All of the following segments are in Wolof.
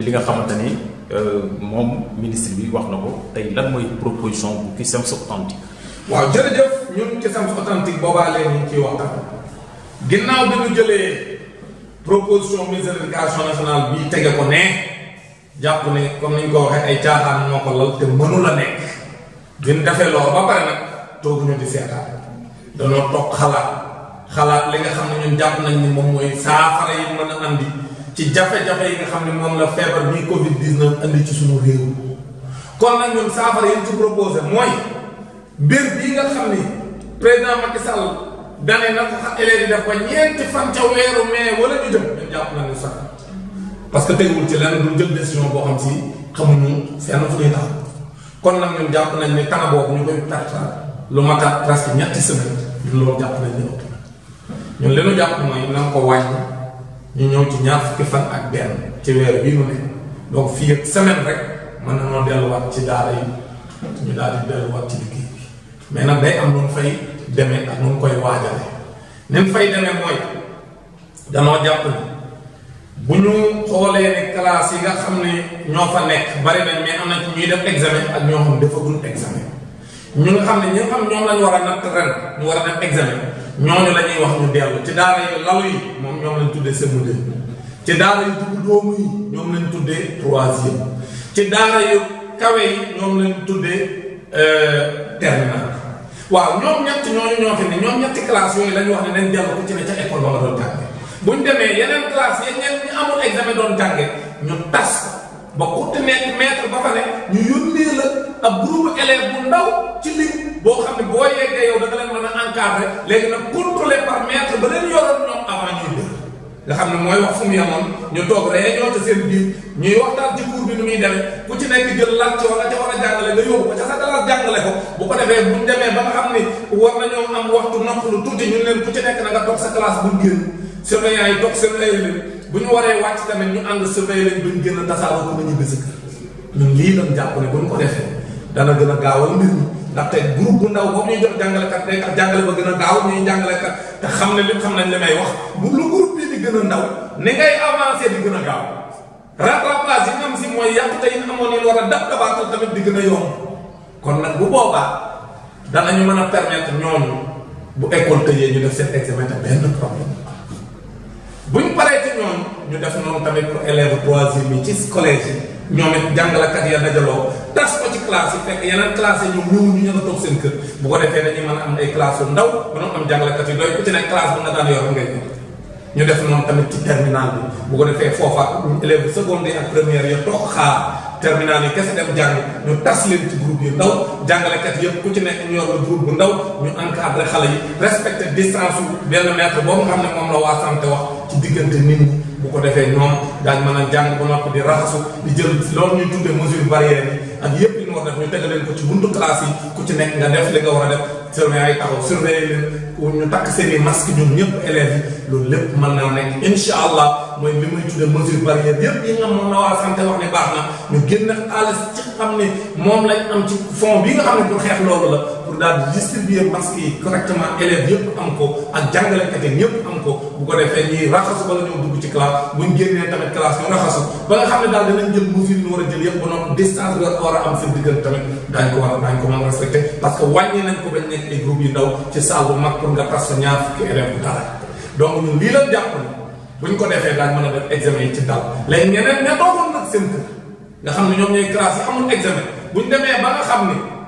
li nga xamante ni euh, moom ministre bi wax na ko tey lan mooy proposition bu Cusems authentique waaw jërëjëf ñun Cusems authentique boobaa leen ñu ciy waxtaan ginnaaw bi ñu jëlee proposition ministre de l'éducation nationale bi tege ko ne jàpp ne comme ni ko waxee ay caaxaan ñoo ko lal te mënu la nekk din defee loolu ba pare nag tooguñu di seetaan danoo toog xalaat xalaat li nga xam ne ñun jàpp nañ ni moom mooy saafara yi mën a andi ci jafe-jafe yi nga xam ne moom la feebar bii Covid 19 andi ci suñu réew kon nag ñun saafara yi nga xam ni président Macky Sall dane na ko xa élèves yi def ba ñeenti fan ca weeru mai wala ñu jëm ñun jàpp que teguwul ci lenn duñ jël décision boo kon nag ñun nañ ni temps boobu ñu koy perte lu mat a presque ñetti semaine ñun loolu jàpp nañ ne ñun li jàpp mooy na ko wàññi. ñu ñëw ci ñaar fukki fan ak benn ci bii mu ne donc fii ak semaine rek mën na noo delluwaat ci daara yi ñu daal delluwaat ci liggéey bi mais nag day am nu mu fay demee ak mu koy waajale ni mu fay demee mooy danoo jàpp ni bu ñu xoolee ne classe yi nga xam ne ñoo fa nekk bari nañ mais am na ci ñuy def examen ak ñoo xam defagul examen ñu nga xam ne ñi nga xam ñoom la ñu war ñu war a def examen ñooñu la ñuy wax ñu dellu ci daara yi lalu yi moom ñoom lañ tuddee cm ci daara yu dugg doomu yi ñoom lañ tuddee troisième ci daara yu kawe yi ñoom lañ tuddee euh, terminal waaw ñoom ñett ñooñu ñoo fi ne ñoom ñetti classe yooyu la wax ne nañ dellu ku ci ne ca école ba nga doon jànge bu ñu demee yeneen classe yi ñeen ñu amul examen doon jànge ñu tas ba ku nekk maître ba fa ne ñu ci lim boo xam ne boo yeggee yow da nga leen mën a encadré léegi nag contrôler par maître ba leen yoroon ñoom avant ñuy def nga xam ne mooy wax fu mu yemoon ñu toog réunion ca seen biir ñuy waxtaan ci cours bi nu muy demee ku ci nekk jël lan ci wala ca war a jàngale nga yóbbu ko ca sa dalas jàngale ko bu ko defee bu demee ba nga xam ni war nañoo am waxtu noppalu tuuti ñu leen ku ci nekk na nga toog sa classe bu génn surveillant yi toog surveiller leen bu waree wàcc tamit ñu ànd surveiller leen génn tasaaroo ko sa ñun lii lan jàpp ne bu ko defee dana gën a gaawal mbir ndaxte groupe bu ndaw boobu ñuy jox jàngalekat day tax jàngale ba gën a gaaw ñuy jàngalekat te xam ne lépp xam nañ li may wax bu lu groupe bi di gën a ndaw ni ngay avancé di gën a gaaw rattrapage yi am si mooy yàq tey amoon nañ war a dab dabaatal tamit di gën a yomb kon nag bu boobaa danañu mën a permettre ñooñu bu école tëjee ñu def seen examen te benn problème buñ paree ci ñooñu ñu def noonu tamit pour élèves troisième yi ci collège yi. ñoom it kat ya dajaloo tas ko ci classe yi fekk yeneen classe yi ñu ñëw ñu ñëw toog seen kër bu ko defee dañuy mën am ay classe yu ndaw mën a am kat yi doy ku ci nekk classe bu nga daan yor ngay ñu def noonu tamit ci terminal bi bu ko defee foofa élève secondaire ak première ya toog xaar terminal yi kese dem jàng ñu tas leen ci groupe yu ndaw kat yëpp ku ci nekk ñu yor groupe bu ndaw ñu encadré xale yi respecter distance benn mètre boobu xam ne moom la waa santé wax ci diggante nit ñi bu ko defee ñoom daañ mën na jàng ba noppi di raxasu di jël loolu ñuy tuddee mesure barrière yi ak yépp def ñu tegaleen ko ci buntu classe yi ku ci nekk def li nga war a def surveillant yi ñu takk seen i masque ñoom ñëpp élèves yi loolu lépp mën naa nekk incha allah mooy li muy tuddee mesure barrière yépp yi nga moom la waa santé wax ne baax na ñu génn xaalis ci xam ne moom lañ am ci fond bi nga xam ne pour xeex loolu la daal distribuer masques yi correctement élèves yëpp am ko ak jàngalekat yi ñëpp am ko bu ko defee ñuy raxasu bala ñoo dugg ci classe buñ génnee tamit classe ñu yi a jël a a daañu ko ndaw ci salle bu mag pour nga tas sa ñaar fukki élèves bu dara donc ñun lii lañ jàpp ne buñ ko defee daañ mën a def examen yi ci dal léegi ñeneen ne toogoon nag seen nga xam ne ñoom ñooy classe yi amul examen buñ demee ba nga xam ne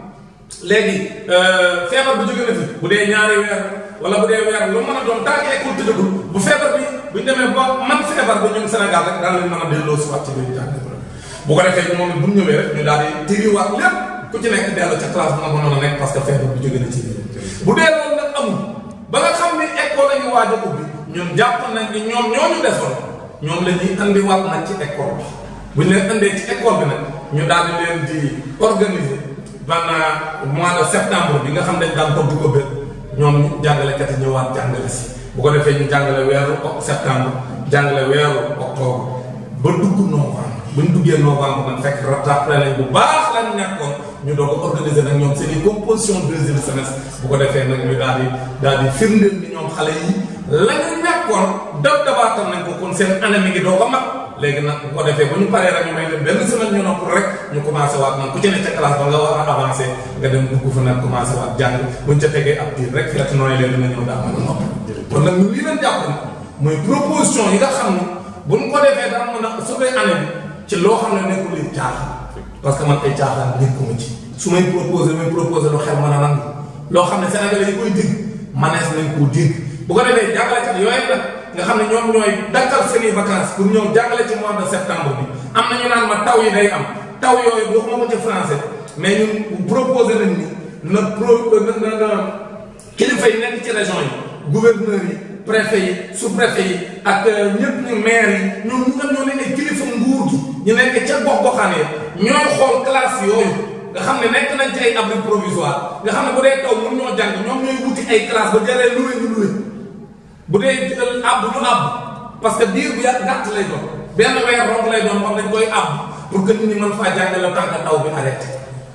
léegi euh, feebar bi jóge na fi bu dee ñaari weer wala bu dee weer lu mën a doon tànk école tëjagul bu feebar bi bu ñu demee ba man feebar bi ñun Sénégal rek daan lañ mën a delloo si waat ci biir jàng bu ko defee moom it bu ñu ñëwee rek ñu daal di tëriwaat lépp ku ci nekk dellu ca classe bi nga mënoon a nekk parce que feebar bi jóge na ci biir bu dee loolu nag amul ba nga xam ni école la ñu waaj a ubbi ñun jàpp nañ ni ñoom ñoo ñu desoon ñoom la ñuy andiwaat nag ci école bi bu ñu leen andee ci école bi nag ñu daal di leen di organiser pendant mois de septembre bi nga xam ne daan toog di ko bér ñoom jàngalekat yi ñëwaat jàngale si bu ko defee ñu jàngale weeru septembre jàngale weeru octobre ba dugg novembre bu ñu duggee novembre man fekk rattrapé nañ bu baax lañ nekkoon ñu doog a organiser nag ñoom seen i composition deuxième semestre bu ko defee nag ñu daal di daal di firndeel ni ñoom xale yi la ñu nekkoon dab dabaatal nañ ko kon seen année ngi doog a mag léegi nag bu ko defee bu ñu paree rek ñu may leen benn semaine ñu nopp rek ñu commencé waat nag ku ci ne ca classe ba nga war a nga dem dugg fa nag commencé waat jàng buñ ca tegee ab diir rek fekk nooy leen dina ñëw daa nopp kon nag ñu lii leen jàpp nag proposition yi nga xam buñ ko defee daa mën a année bi ci loo xam ne parce que man ay ci may xel sénégalais yi koy nañ bu ko nga xam ne ñoom ñooy dakkal seen i vacances pour ñëw jàngale ci mois de septembre bi am na ñu naan ma taw yi day am taw yooyu waxuma ko ci français mais ñun proposé nañ ni na pro kilifa yi nekk ci région yi gouverneurs yi préfet yi sous-préfet yi euh, ñu maire yi ñoom ñu nga ñoo leen ne kilifa nguur gi ñu nekk ca gox goxaan yi ñooy xool classe yooyu nga xam ne nekk nañ ci ay abri provisoire nga xam ne bu dee taw mënu ñoo jàng ñoom ñooy wuti ay classe ba jëlee luwe ñu luwe bu dee àbb du àbb parce que diir bu yàgg gàtt lay doon benn weer rong lay doon wax dañ koy àbb pour que nit ñi faa jàngale la tànk taw bi arrêté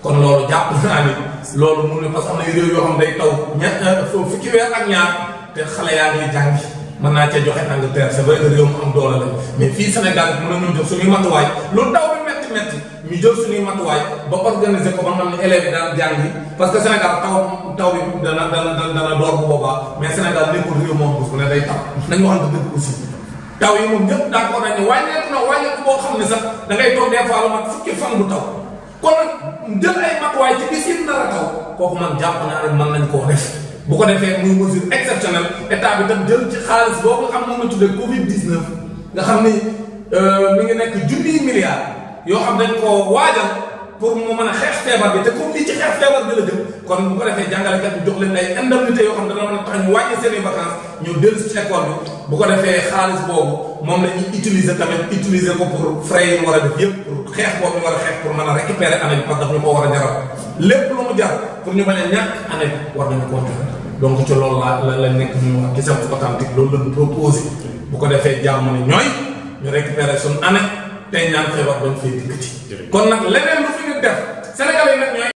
kon loolu jàpp naa ni loolu mun ne parce que am réew yoo xam day taw ña foofu fukki weer ak ñaar te xale yaa ngi jàngi mën naa cee joxe Angleterre c'est vrai que réew mu am doole la mais fii Sénégal mën nañu jox suñuy matuwaay lu taw bi metti metti ñu jël suñuy matuwaay ba organiser ko ba nga xam ne élèves yi daan jàngi parce que Sénégal taw taw bi dana dana dana door bu boobaa mais Sénégal nekkul réew moom bés bu ne day taw nañu waxante dëgg aussi taw yi moom ñëpp d'accord nañ ne wàññeeku na wàññeeku boo xam ne sax da toog des fois lu fukki fan bu taw kon nag jël ay ci bis yi nar a taw kooku man jàpp naa ne nañ koo def bu ko defee muy mesure exceptionnelle état bi tam jël ci xaalis boobu nga xam moom la tuddee Covid 19 nga xam ni euh, mi ngi nekk junniy milliards. yoo xam dañ ko waajal pour mu mën a xeex feebar bi te comme li ci xeex feebar bi la jëm kon bu ko defee jàngalekat bi jox leen ay indemnité yoo xam ne a ñu wàññi seen bu ko defee xaalis boobu moom la ñuy utiliser tamit utiliser ko pour frais yi mu war a def yëpp a pour mën a récupérer année bi parce que daf ñu ko war a jaral lépp lu mu jar pour ñu mën a ñàkk année war nañu koo donc ci loolu laa la la nekk ñu wax gisam authentique loolu la ñu proposé bu ko defee jàmm ne ñooy ñu récupérer suñu tey ñaan feebar bañ fay dikkati kon nag leneen lu fi ñu def Sénégal yi nag ñooy